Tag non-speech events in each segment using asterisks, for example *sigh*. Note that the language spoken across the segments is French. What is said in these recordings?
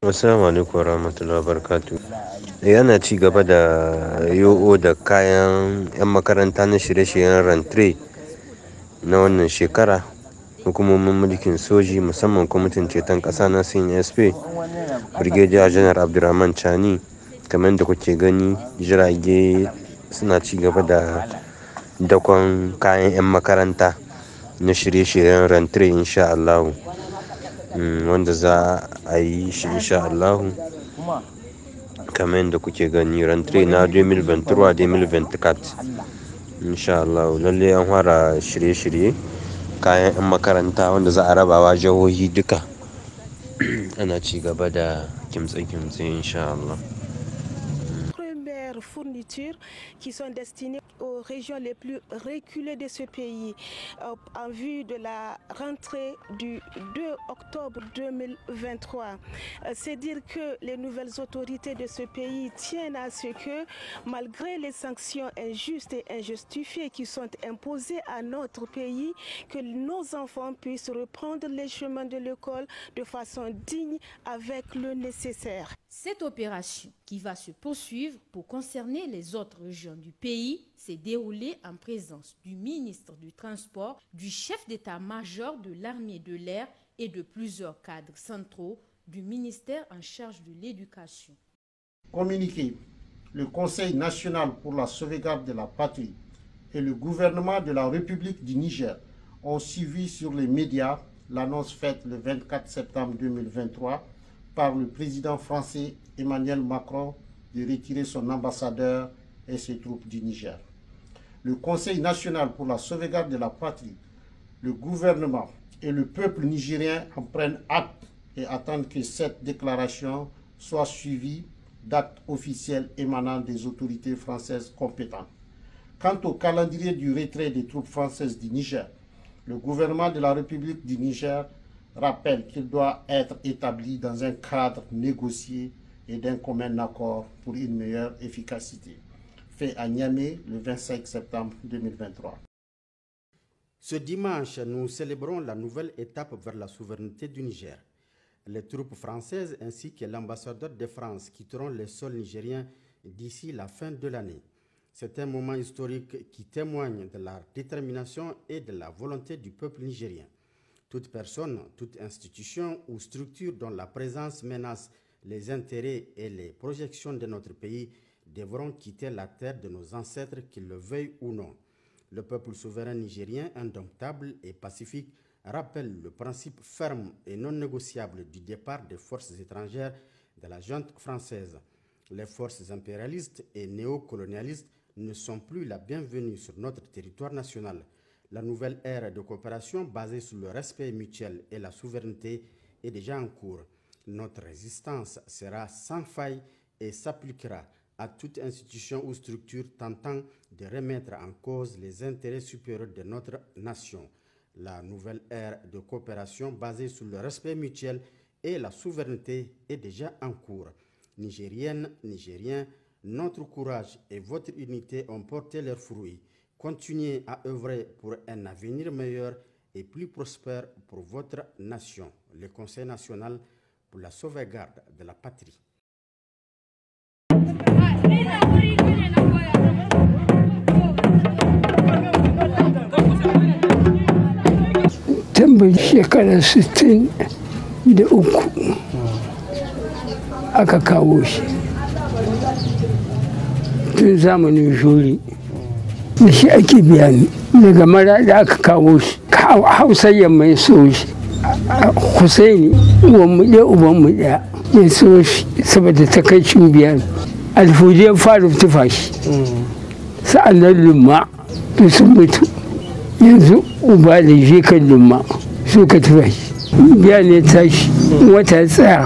Assalamu alaikum warahmatullahi wabarakatuh. Ana ci gaba da yo'o da kayan 'yan makaranta na shirye-shiryen rantre na wannan shekara. Hukumomin mulkin soji musamman kwamitin ceton ƙasa na CNSP, Brigadier Janar Abdulrahman Chani, kamar da kuke gani jirage suna ci gaba da dakon kayan 'yan makaranta na shirye-shiryen rantre insha Allahu. Mm, wanda za a yi shi insha Allahu kamar yadda kuke gani rantre na 2023 2024 insha Allahu lalle an fara shirye-shirye kayan 'yan makaranta wanda za a rabawa jihohi duka *clears throat* ana ci gaba da kimtse-kimtse insha Allah. qui sont destinés aux régions les plus reculées de ce pays euh, en vue de la rentrée du 2 octobre 2023. Euh, c'est dire que les nouvelles autorités de ce pays tiennent à ce que, malgré les sanctions injustes et injustifiées qui sont imposées à notre pays, que nos enfants puissent reprendre les chemins de l'école de façon digne avec le nécessaire. Cette opération qui va se poursuivre pour concerner les autres régions du pays s'est déroulé en présence du ministre du Transport, du chef d'état-major de l'armée de l'air et de plusieurs cadres centraux du ministère en charge de l'éducation. Communiqué, le Conseil national pour la sauvegarde de la patrie et le gouvernement de la République du Niger ont suivi sur les médias l'annonce faite le 24 septembre 2023 par le président français Emmanuel Macron de retirer son ambassadeur et ses troupes du Niger. Le Conseil national pour la sauvegarde de la patrie, le gouvernement et le peuple nigérien en prennent acte et attendent que cette déclaration soit suivie d'actes officiels émanant des autorités françaises compétentes. Quant au calendrier du retrait des troupes françaises du Niger, le gouvernement de la République du Niger rappelle qu'il doit être établi dans un cadre négocié et d'un commun accord pour une meilleure efficacité à Niamey le 25 septembre 2023. Ce dimanche, nous célébrons la nouvelle étape vers la souveraineté du Niger. Les troupes françaises ainsi que l'ambassadeur de France quitteront les sols nigériens d'ici la fin de l'année. C'est un moment historique qui témoigne de la détermination et de la volonté du peuple nigérien. Toute personne, toute institution ou structure dont la présence menace les intérêts et les projections de notre pays devront quitter la terre de nos ancêtres, qu'ils le veuillent ou non. Le peuple souverain nigérien, indomptable et pacifique, rappelle le principe ferme et non négociable du départ des forces étrangères de la junte française. Les forces impérialistes et néocolonialistes ne sont plus la bienvenue sur notre territoire national. La nouvelle ère de coopération basée sur le respect mutuel et la souveraineté est déjà en cours. Notre résistance sera sans faille et s'appliquera à toute institution ou structure tentant de remettre en cause les intérêts supérieurs de notre nation. La nouvelle ère de coopération basée sur le respect mutuel et la souveraineté est déjà en cours. nigérienne, nigérien. notre courage et votre unité ont porté leurs fruits. Continuez à œuvrer pour un avenir meilleur et plus prospère pour votre nation. Le Conseil national pour la sauvegarde de la patrie. gombe shekara sittin da uku aka kawo shi tun zamanin juri da shi ake biya ne. daga mara da aka kawo shi hausa yamma ya so shi husaini uwanmu ɗaya ubanmu ɗaya ya so shi saboda takaicin ne. alfujiyar fara tufa shi sa'annan lumma sun mutu yanzu uba da jikan lumma suka tufa shi biya ne tashi wata ya tsaya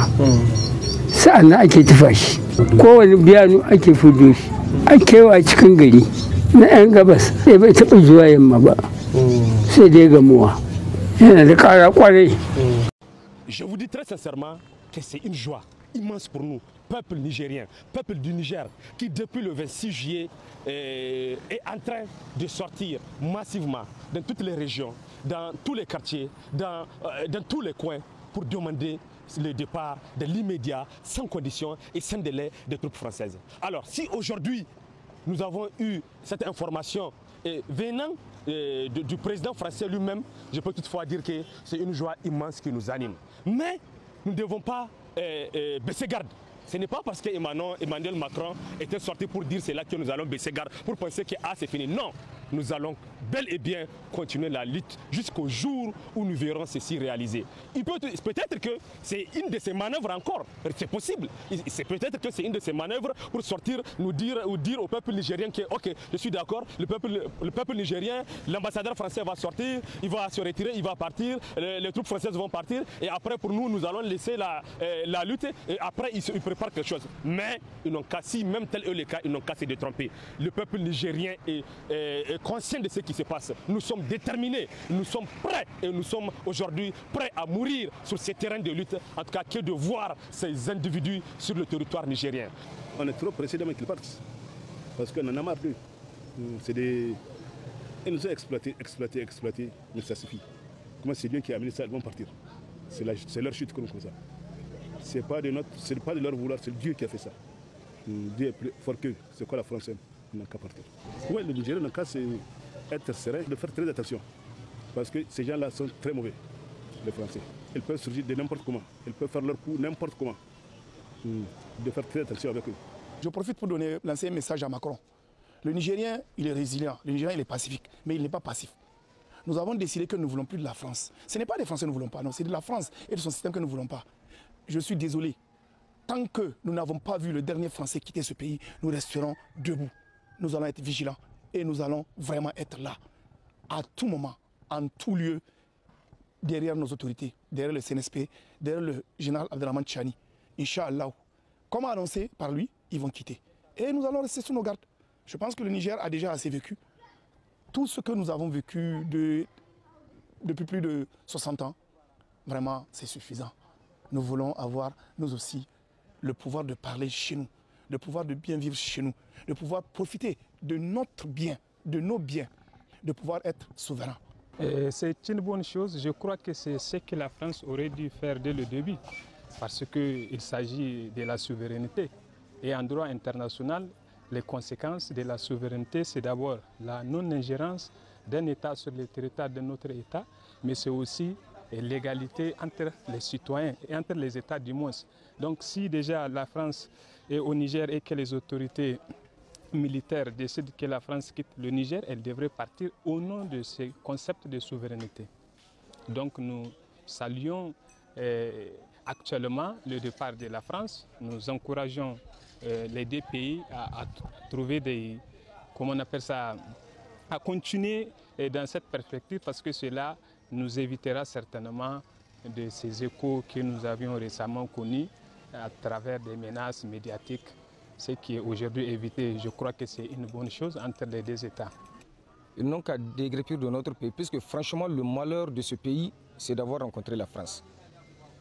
sa'an nan ake tufa shi kowane biyanu ake fudo shi a kewa cikin gari na 'yan gabas sai bai taɓa zuwa yamma ba sai dai gamuwa yana da ƙara ƙwarai Je vous immense pour nous, peuple nigérien, peuple du Niger, qui depuis le 26 juillet euh, est, en train de sortir massivement dans toutes les régions, dans tous les quartiers, euh, dans, tous les coins pour demander le départ de l'immédiat, sans condition et sans délai des troupes françaises. Alors si aujourd'hui nous avons eu cette information venant euh, du président français lui-même, je peux toutefois dire que c'est une joie immense qui nous anime. Mais nous ne devons pas euh, eh, eh, baisser garde. Ce n'est pas parce que Emmanuel Macron était sorti pour dire cela que nous allons baisser garde, pour penser que ah, c'est fini. Non, nous allons bel et bien continuer la lutte jusqu'au jour où nous verrons ceci réalisé. Il peut, peut-être que c'est une de ces manœuvres encore, c'est possible. C'est peut-être que c'est une de ces manœuvres pour sortir, nous dire ou dire au peuple nigérien que ok, je suis d'accord, le peuple, le peuple nigérien, l'ambassadeur français va sortir, il va se retirer, il va partir, les, troupes françaises vont partir et après pour nous, nous allons laisser la, euh, lutte et après ils, préparent quelque chose. Mais ils n'ont qu'à si, même tel est le cas, ils n'ont qu'à se détromper. Le peuple nigérien est conscients de ce qui se passe. Nous sommes déterminés, nous sommes prêts et nous sommes aujourd'hui prêts à mourir sur ces terrains de lutte, en tout cas que de voir ces individus sur le territoire nigérien. On est trop pressés qu'ils partent, parce qu'on en a marre plus. C'est des... Ils nous ont exploités, exploités, exploités, mais ça suffit. Comment c'est Dieu qui a amené ça, ils vont partir. C'est leur chute que ça. Ce n'est pas, de notre... pas de leur vouloir, c'est Dieu qui a fait ça. Dieu est plus fort que c'est quoi la française hein? n'a qu'à partir. le Nigeria n'a qu'à être serein, de faire très attention. Parce que ces gens-là sont très mauvais, les Français. Ils peuvent surgir de n'importe comment. Ils peuvent faire leur coup n'importe comment. Hmm. De faire très attention avec eux. Je profite pour donner, lancer un message à Macron. Le Nigérien, il est résilient. Le Nigérien, il est pacifique. Mais il n'est pas passif. Nous avons décidé que nous ne voulons plus de la France. Ce n'est pas les Français que nous ne voulons pas, non. C'est de la France et de son système que nous ne voulons pas. Je suis désolé. Tant que nous n'avons pas vu le dernier Français quitter ce pays, nous resterons debout nous allons être vigilants et nous allons vraiment être là, à tout moment, en tout lieu, derrière nos autorités, derrière le CNSP, derrière le général Abdelrahman Chani. Inch'Allah, comme annoncé par lui, ils vont quitter. Et nous allons rester sous nos gardes. Je pense que le Niger a déjà assez vécu. Tout ce que nous avons vécu depuis plus de 60 ans, vraiment, c'est suffisant. Nous voulons avoir, nous aussi, le pouvoir de parler chez nous de pouvoir de bien vivre chez nous, de pouvoir profiter de notre bien, de nos biens, de pouvoir être souverain. C'est une bonne chose. Je crois que c'est ce que la France aurait dû faire dès le début, parce qu'il s'agit de la souveraineté. Et en droit international, les conséquences de la souveraineté, c'est d'abord la non-ingérence d'un État sur le territoire d'un autre État, mais c'est aussi l'égalité entre les citoyens et entre les États du monde. Donc si déjà la France est au Niger et que les autorités militaires décident que la France quitte le Niger, elle devrait partir au nom de ces concepts de souveraineté. Donc nous saluons euh, actuellement le départ de la France. Nous encourageons euh, les deux pays à, à trouver des, comment on appelle ça, à continuer euh, dans cette perspective parce que cela nous évitera certainement de ces échos que nous avions récemment connus à travers des menaces médiatiques. Ce qui est aujourd'hui évité, je crois que c'est une bonne chose entre les deux États. Ils n'ont qu'à dégrépir de notre pays, puisque franchement, le malheur de ce pays, c'est d'avoir rencontré la France.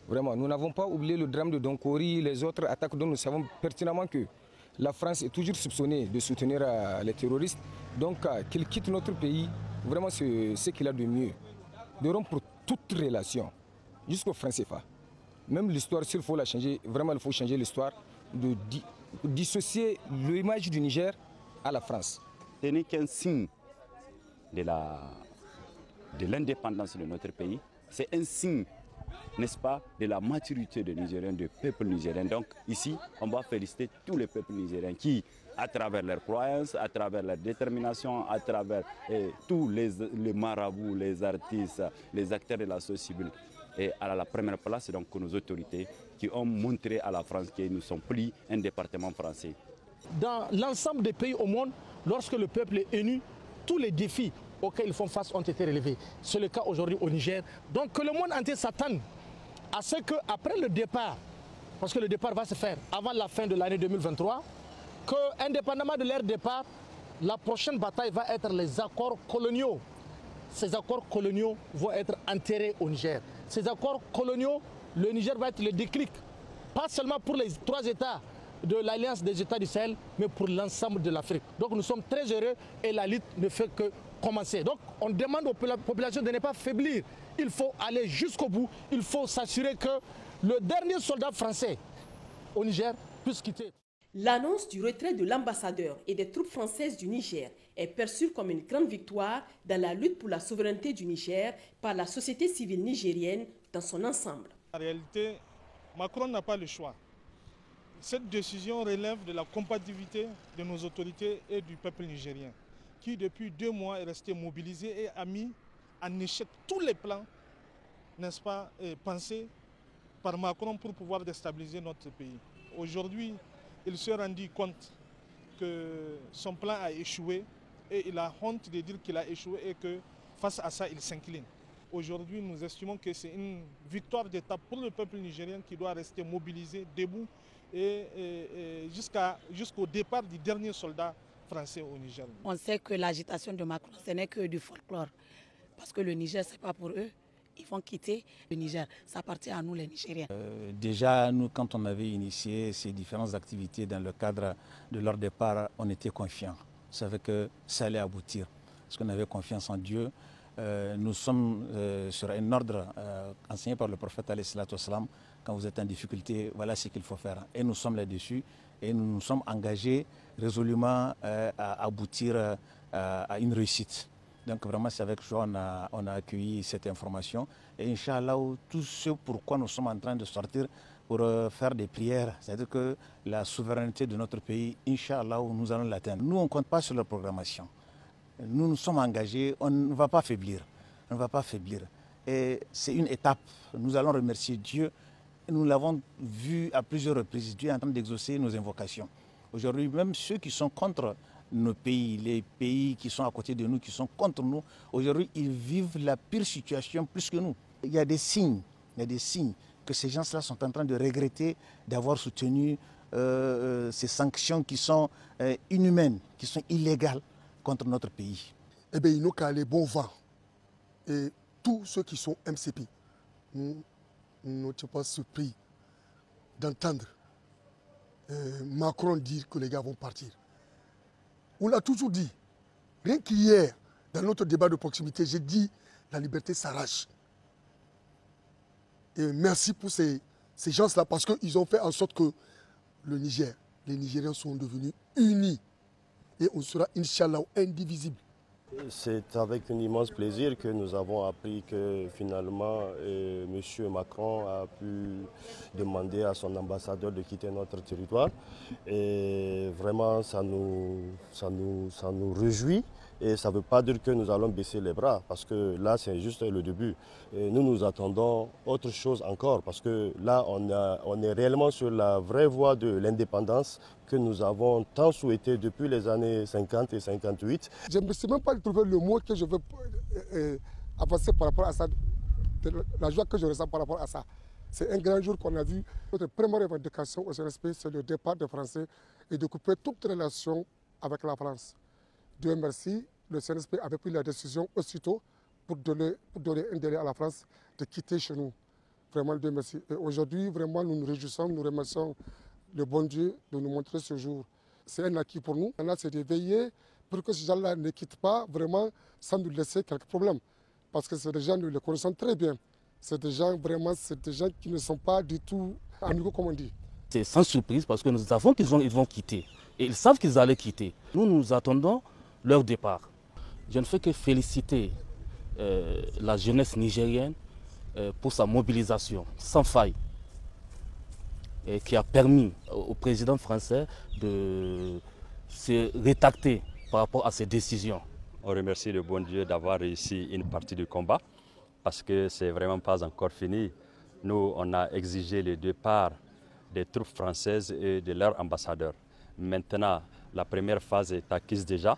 Vraiment, nous n'avons pas oublié le drame de Donkori, les autres attaques dont nous savons pertinemment que la France est toujours soupçonnée de soutenir euh, les terroristes. Donc, euh, qu'il quitte notre pays, vraiment, c'est ce qu'il a de mieux de rompre toute relation jusqu'au franc CFA. Même l'histoire, s'il faut la changer, vraiment il faut changer l'histoire, de dissocier l'image du Niger à la France. Ce n'est qu'un signe de l'indépendance de notre pays, c'est un signe n'est-ce pas, de la maturité des Nigériens, du peuple nigérien. Donc ici, on va féliciter tous les peuples nigériens qui, à travers leurs croyances, à travers leur détermination, à travers eh, tous les, marabouts, les artistes, les acteurs de la société civile, et à la première place, donc nos autorités qui ont montré à la France qu'ils nous sont plus un département français. Dans l'ensemble des pays au monde, lorsque le peuple est élu, tous les défis auxquels ils font face ont été relevés. C'est le cas aujourd'hui au Niger. Donc que le monde entier s'attende à ce après le départ, parce que le départ va se faire avant la fin de l'année 2023, que, indépendamment de leur départ, la prochaine bataille va être les accords coloniaux. Ces accords coloniaux vont être enterrés au Niger. Ces accords coloniaux, le Niger va être le déclic, pas seulement pour les trois États de l'Alliance des États du Sahel, mais pour l'ensemble de l'Afrique. Donc nous sommes très heureux et la lutte ne fait que donc on demande aux populations de ne pas faiblir. Il faut aller jusqu'au bout. Il faut s'assurer que le dernier soldat français au Niger puisse quitter. L'annonce du retrait de l'ambassadeur et des troupes françaises du Niger est perçue comme une grande victoire dans la lutte pour la souveraineté du Niger par la société civile nigérienne dans son ensemble. En réalité, Macron n'a pas le choix. Cette décision relève de la compatibilité de nos autorités et du peuple nigérien qui depuis deux mois est resté mobilisé et a mis en échec tous les plans, n'est-ce pas, euh, pensés par Macron pour pouvoir déstabiliser notre pays. Aujourd'hui, il se rendit compte que son plan a échoué et il a honte de dire qu'il a échoué et que face à ça, il s'incline. Aujourd'hui, nous estimons que c'est une victoire d'État pour le peuple nigérien qui doit rester mobilisé, debout, et, jusqu'au départ du dernier soldat on sait que l'agitation de Macron, ce n'est que du folklore. Parce que le Niger, ce n'est pas pour eux. Ils vont quitter le Niger. Ça appartient à nous, les Nigériens. Euh, déjà, nous, quand on avait initié ces différentes activités dans le cadre de leur départ, on était confiants. On savait que ça allait aboutir. Parce qu'on avait confiance en Dieu. Euh, nous sommes euh, sur un ordre enseigné par le prophète, alayhi quand vous êtes en difficulté, voilà ce qu'il faut faire. Et nous sommes là-dessus et nous nous sommes engagés résolument euh, à aboutir euh, à une réussite. Donc vraiment, c'est avec joie qu'on a, on a accueilli cette information. Et Inch'Allah, tout ce pourquoi nous sommes en train de sortir pour euh, faire des prières, c'est-à-dire que la souveraineté de notre pays, Inch'Allah, nous allons l'atteindre. Nous, on ne compte pas sur la programmation. Nous nous sommes engagés, on ne va pas faiblir. On ne va pas faiblir. Et c'est une étape. Nous allons remercier Dieu nous l'avons vu à plusieurs reprises, Dieu est en train d'exaucer nos invocations. Aujourd'hui, même ceux qui sont contre nos pays, les pays qui sont à côté de nous, qui sont contre nous, aujourd'hui, ils vivent la pire situation plus que nous. Il y a des signes, il y a des signes que ces gens-là sont en train de regretter d'avoir soutenu euh, euh, ces sanctions qui sont euh, inhumaines, qui sont illégales contre notre pays. Eh bien, il nous a les bons et tous ceux qui sont MCP ne n'étions pas surpris d'entendre euh, Macron dire que les gars vont partir. On l'a toujours dit. Rien qu'hier, dans notre débat de proximité, j'ai dit la liberté s'arrache. Et merci pour ces, ces gens-là parce qu'ils ont fait en sorte que le Niger, les Nigériens sont devenus unis. Et on sera, Inch'Allah, indivisibles. C'est avec un immense plaisir que nous avons appris que finalement euh, M. Macron a pu demander à son ambassadeur de quitter notre territoire. Et vraiment, ça nous, ça nous, ça nous réjouit. Et ça ne veut pas dire que nous allons baisser les bras, parce que là, c'est juste le début. nous nous attendons autre chose encore, parce que là, on, est réellement sur la vraie voie de l'indépendance que nous avons tant souhaité depuis les années 50 et 58. Je ne même pas trouver le mot que je veux euh, euh, avancer par rapport à ça, la joie que je ressens par rapport à ça. C'est un grand jour qu'on a vu. Notre première revendication au CNSP, c'est le départ des Français et de couper toute relation avec la France. Dieu merci, le CNSP avait pris la décision aussitôt pour donner, pour donner un délai à la France de quitter chez nous. Vraiment, Dieu merci. Et aujourd'hui, vraiment, nous nous réjouissons, nous remercions le bon Dieu de nous montrer ce jour. C'est un acquis pour nous. Maintenant, c'est de veiller pour que ces gens-là ne quittent pas vraiment sans nous laisser quelques problèmes. Parce que ces gens, nous les connaissons très bien. C'est des gens vraiment, c'est des gens qui ne sont pas du tout nouveau, comme on dit. C'est sans surprise parce que nous savons qu'ils vont, ils vont quitter. Et ils savent qu'ils allaient quitter. Nous, nous attendons leur départ. Je ne fais que féliciter euh, la jeunesse nigérienne euh, pour sa mobilisation sans faille et qui a permis au président français de se rétracter par rapport à ces décisions On remercie le bon Dieu d'avoir réussi une partie du combat parce que c'est vraiment pas encore fini. Nous, on a exigé le départ des troupes françaises et de leurs ambassadeurs. Maintenant, la première phase est acquise déjà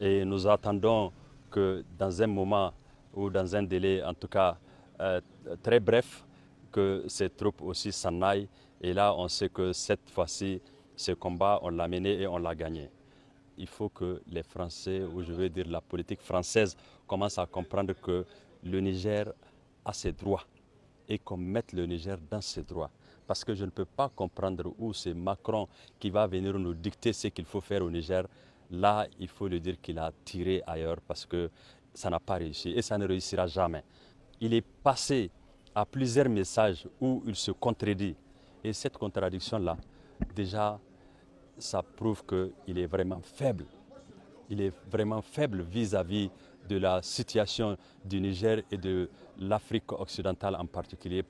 et nous attendons que dans un moment ou dans un délai, en tout cas euh, très bref, que ces troupes aussi s'en aillent. Et là, on sait que cette fois-ci, ce combat, on l'a mené et on l'a gagné il faut que les Français, ou je veux dire la politique française, commence à comprendre que le Niger a ses droits et qu'on mette le Niger dans ses droits. Parce que je ne peux pas comprendre où c'est Macron qui va venir nous dicter ce qu'il faut faire au Niger. Là, il faut lui dire qu'il a tiré ailleurs parce que ça n'a pas réussi et ça ne réussira jamais. Il est passé à plusieurs messages où il se contredit. Et cette contradiction-là, déjà, ça prouve qu'il est vraiment faible. Il est vraiment faible vis-à-vis de la situation du Niger et de l'Afrique occidentale en particulier.